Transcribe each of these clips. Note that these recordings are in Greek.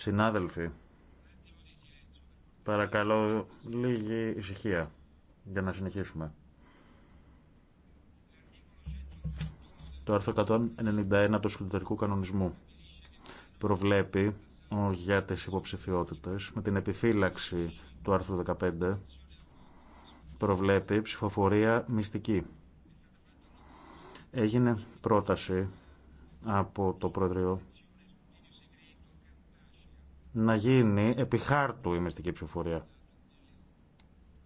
Συνάδελφοι, παρακαλώ λίγη ησυχία για να συνεχίσουμε. Το άρθρο 191 του εσωτερικού κανονισμού προβλέπει για τις υποψηφιότητες με την επιφύλαξη του άρθρου 15 προβλέπει ψηφοφορία μυστική. Έγινε πρόταση από το Πρόεδριο να γίνει επί χάρτου η μυστική ψηφοφορία.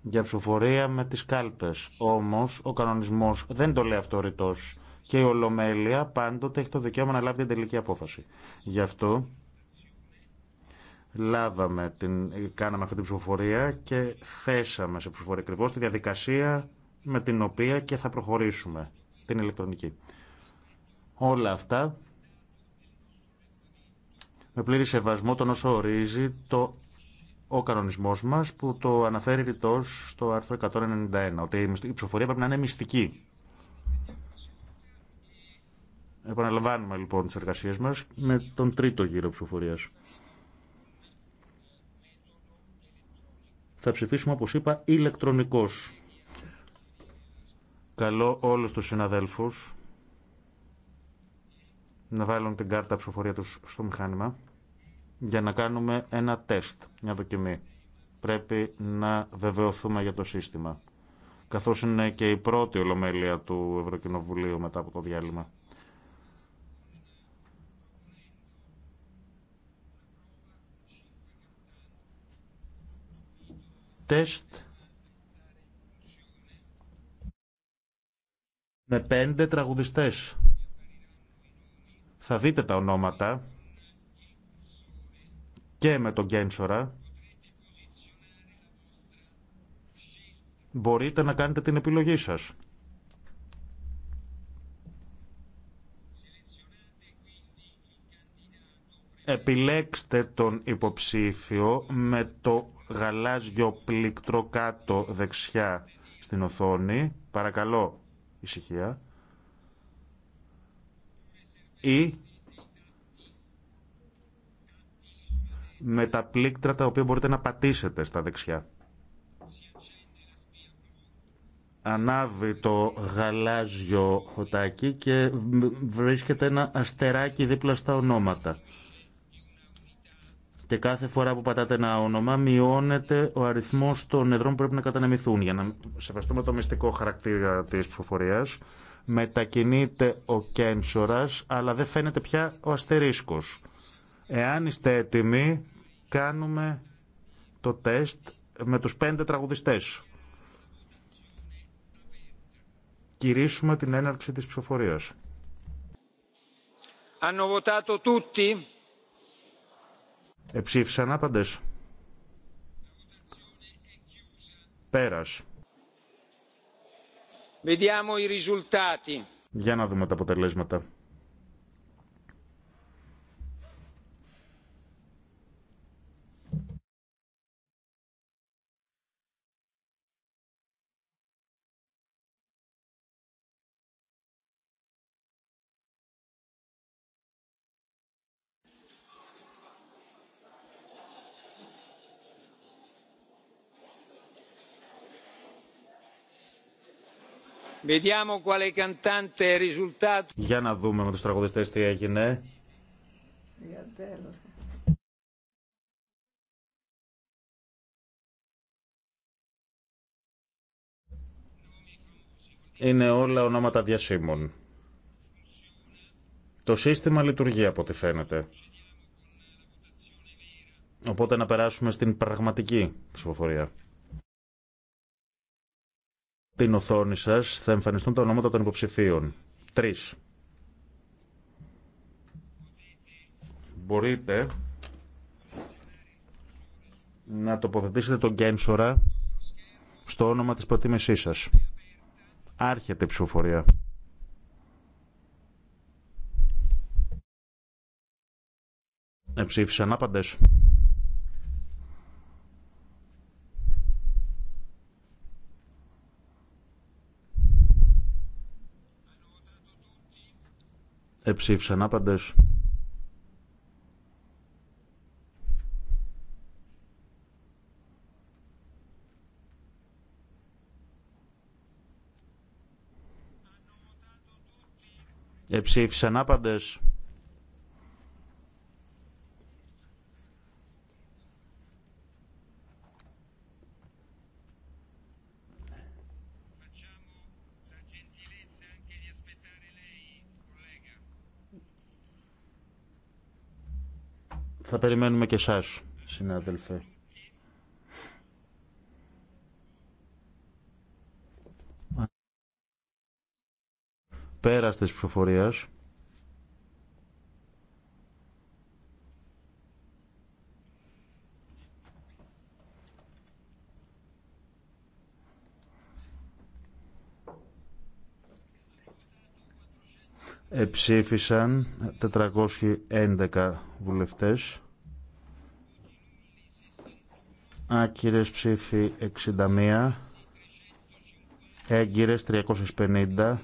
Για ψηφοφορία με τις κάλπες. Όμως ο κανονισμός δεν το λέει αυτό Και η Ολομέλεια πάντοτε έχει το δικαίωμα να λάβει την τελική απόφαση. Γι' αυτό λάβαμε την, κάναμε αυτή την ψηφοφορία και θέσαμε σε ψηφοφορία ακριβώ τη διαδικασία με την οποία και θα προχωρήσουμε την ηλεκτρονική. Όλα αυτά με πλήρη σεβασμό τον όσο ορίζει το ο κανονισμό μα που το αναφέρει ρητό στο άρθρο 191, ότι η ψηφοφορία πρέπει να είναι μυστική. Επαναλαμβάνουμε λοιπόν τις εργασίες μα με τον τρίτο γύρο ψηφοφορίας. Θα ψηφίσουμε, όπως είπα, ηλεκτρονικός. Καλώ όλους τους συναδέλφους να βάλουν την κάρτα ψηφοφορία τους στο μηχάνημα για να κάνουμε ένα τεστ, μια δοκιμή. Πρέπει να βεβαιωθούμε για το σύστημα. Καθώς είναι και η πρώτη ολομέλεια του Ευρωκοινοβουλίου μετά από το διάλειμμα. Τεστ με πέντε τραγουδιστές. Θα δείτε τα ονόματα και με τον Γκένσορα μπορείτε να κάνετε την επιλογή σας. Επιλέξτε τον υποψήφιο με το γαλάζιο πλήκτρο κάτω δεξιά στην οθόνη. Παρακαλώ, ησυχία. Ή με τα πλήκτρα τα οποία μπορείτε να πατήσετε στα δεξιά. Ανάβει το γαλάζιο χωτάκι και βρίσκεται ένα αστεράκι δίπλα στα ονόματα. Και κάθε φορά που πατάτε ένα όνομα μειώνεται ο αριθμός των εδρών που πρέπει να κατανεμηθούν. Για να σεβαστούμε το μυστικό χαρακτήρα της ψηφοφορία. μετακινείται ο κένσορας, αλλά δεν φαίνεται πια ο αστερίσκος. Εάν είστε έτοιμοι, κάνουμε το τεστ με τους πέντε τραγουδιστές. Κυρίσουμε την έναρξη της ψηφοφορίας. Εψήφισαν άπαντες. Πέρας. Vediamo i risultati. Για να δούμε τα αποτελέσματα. Για να δούμε με τους τραγουδιστές τι έγινε. Είναι όλα ονόματα διασύμων. Το σύστημα λειτουργεί από ό,τι φαίνεται. Οπότε να περάσουμε στην πραγματική ψηφοφορία την οθόνη σα θα εμφανιστούν τα ονόματα των υποψηφίων. τρει. Μπορείτε να τοποθετήσετε τον κένσορα στο όνομα της προτίμησής σας. Άρχεται η ψηφοφορία. Εψήφισαν άπαντες. Εψήφισαν άπαντες. Εψήφισαν άπαντες. περιμένουμε και εσάς, συνάδελφε. Πέρας τη ψηφοφορίας. Εψήφισαν 411 βουλευτές. άκυρες ψήφοι 61, έγκυρες 350,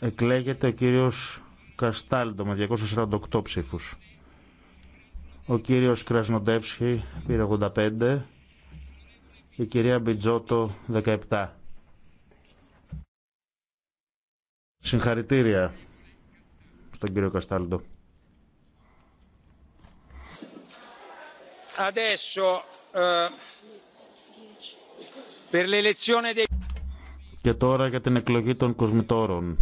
εκλέγεται ο κύριος Καστάλντο με 248 ψήφους. Ο κύριος Κρασνοντεύσχη πήρε 85, η κυρία Μπιτζότο 17. Συγχαρητήρια στον κύριο Καστάλντο. Eh, Και τώρα για την εκλογή των κοσμητόρων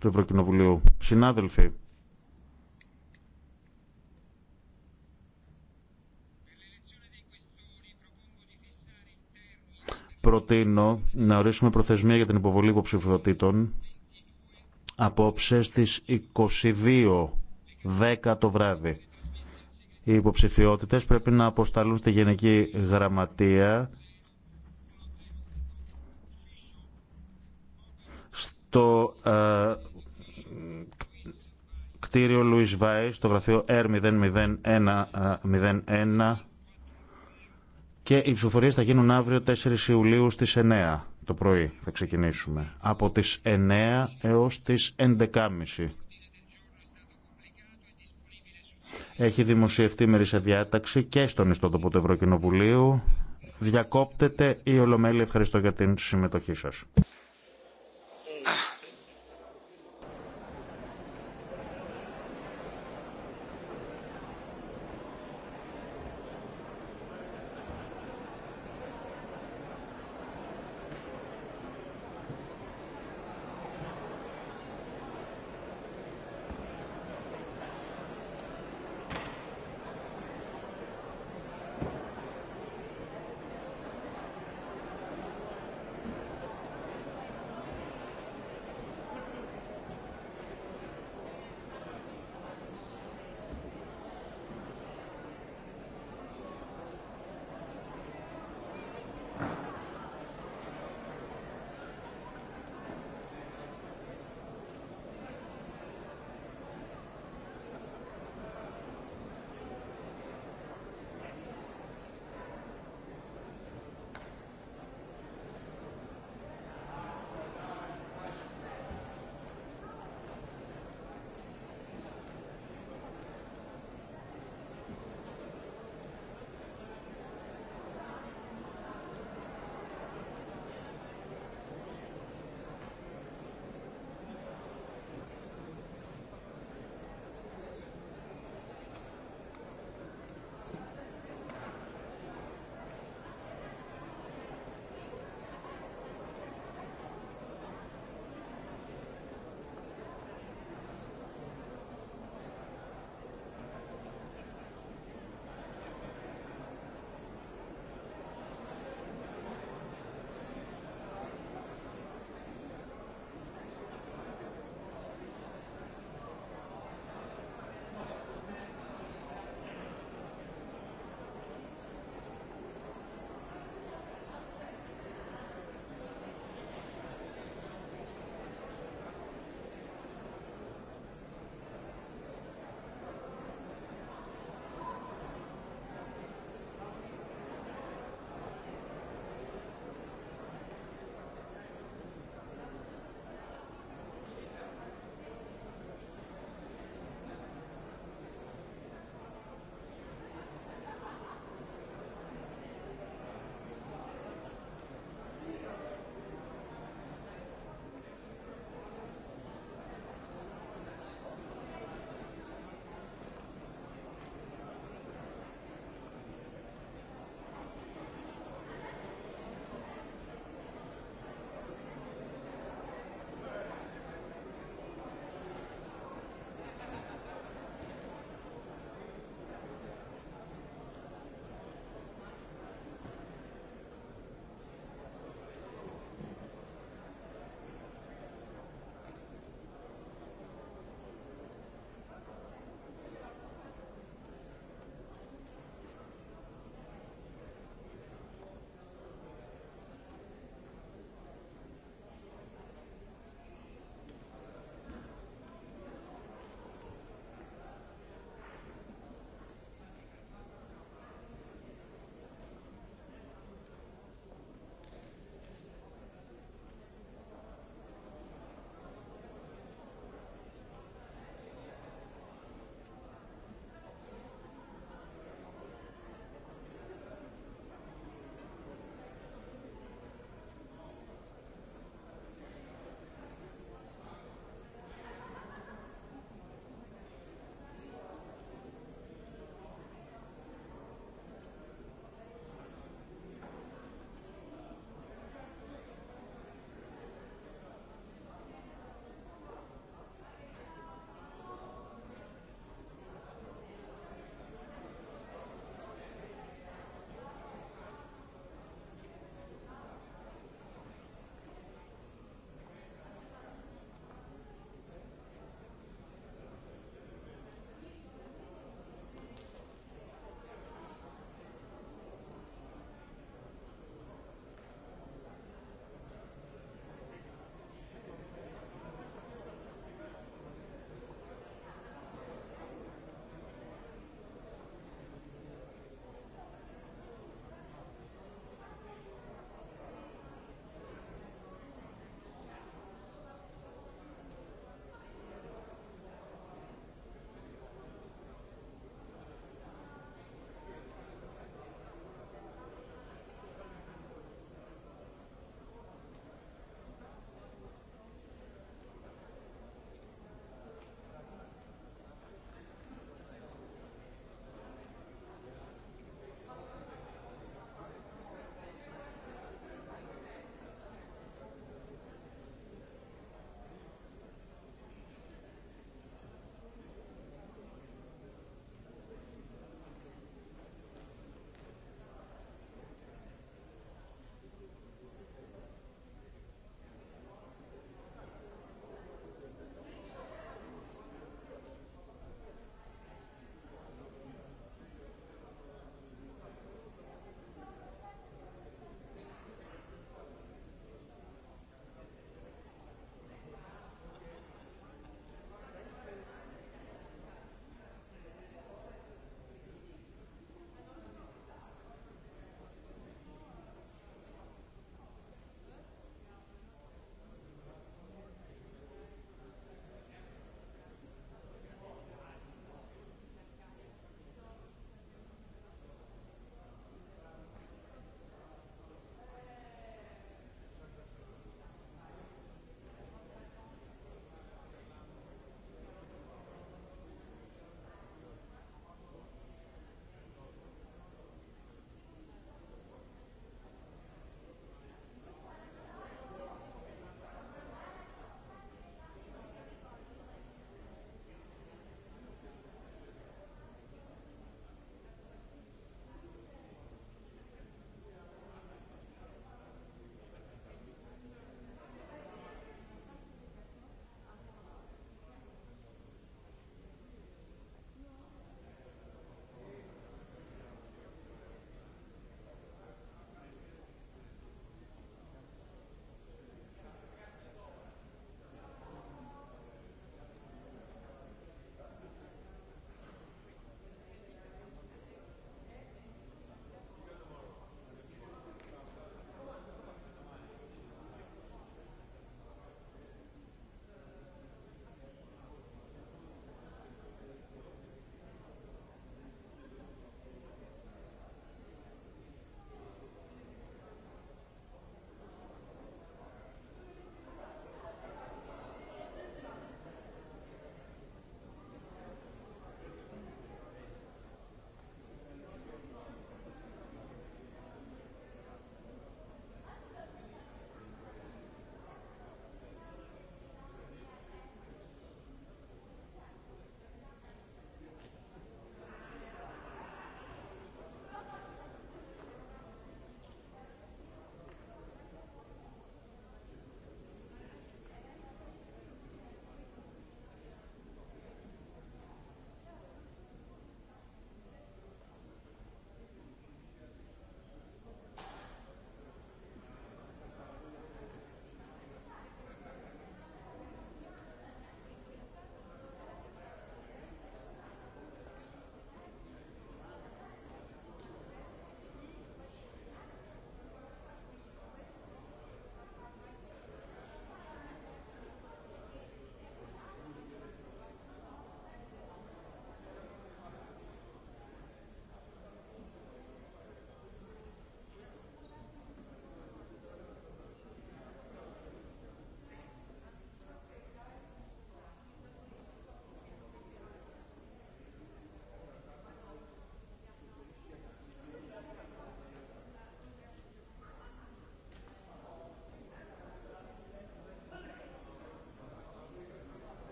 του Ευρωκοινοβουλίου. Συνάδελφοι, προτείνω να ορίσουμε προθεσμία για την υποβολή υποψηφιότητων απόψε στις 22.10 το βράδυ. Οι υποψηφιότητε πρέπει να αποσταλούν στη Γενική Γραμματεία στο ε, κτίριο Λουίς Βάη, στο γραφείο R00101 ε, και οι ψηφοφορίες θα γίνουν αύριο 4 Ιουλίου στις 9 το πρωί θα ξεκινήσουμε. Από τις 9 έως τις 11.30. Έχει δημοσιευτεί μερίσια διάταξη και στον ιστότοπο του Ευρωκοινοβουλίου. Διακόπτεται η Ολομέλη. Ευχαριστώ για την συμμετοχή σας.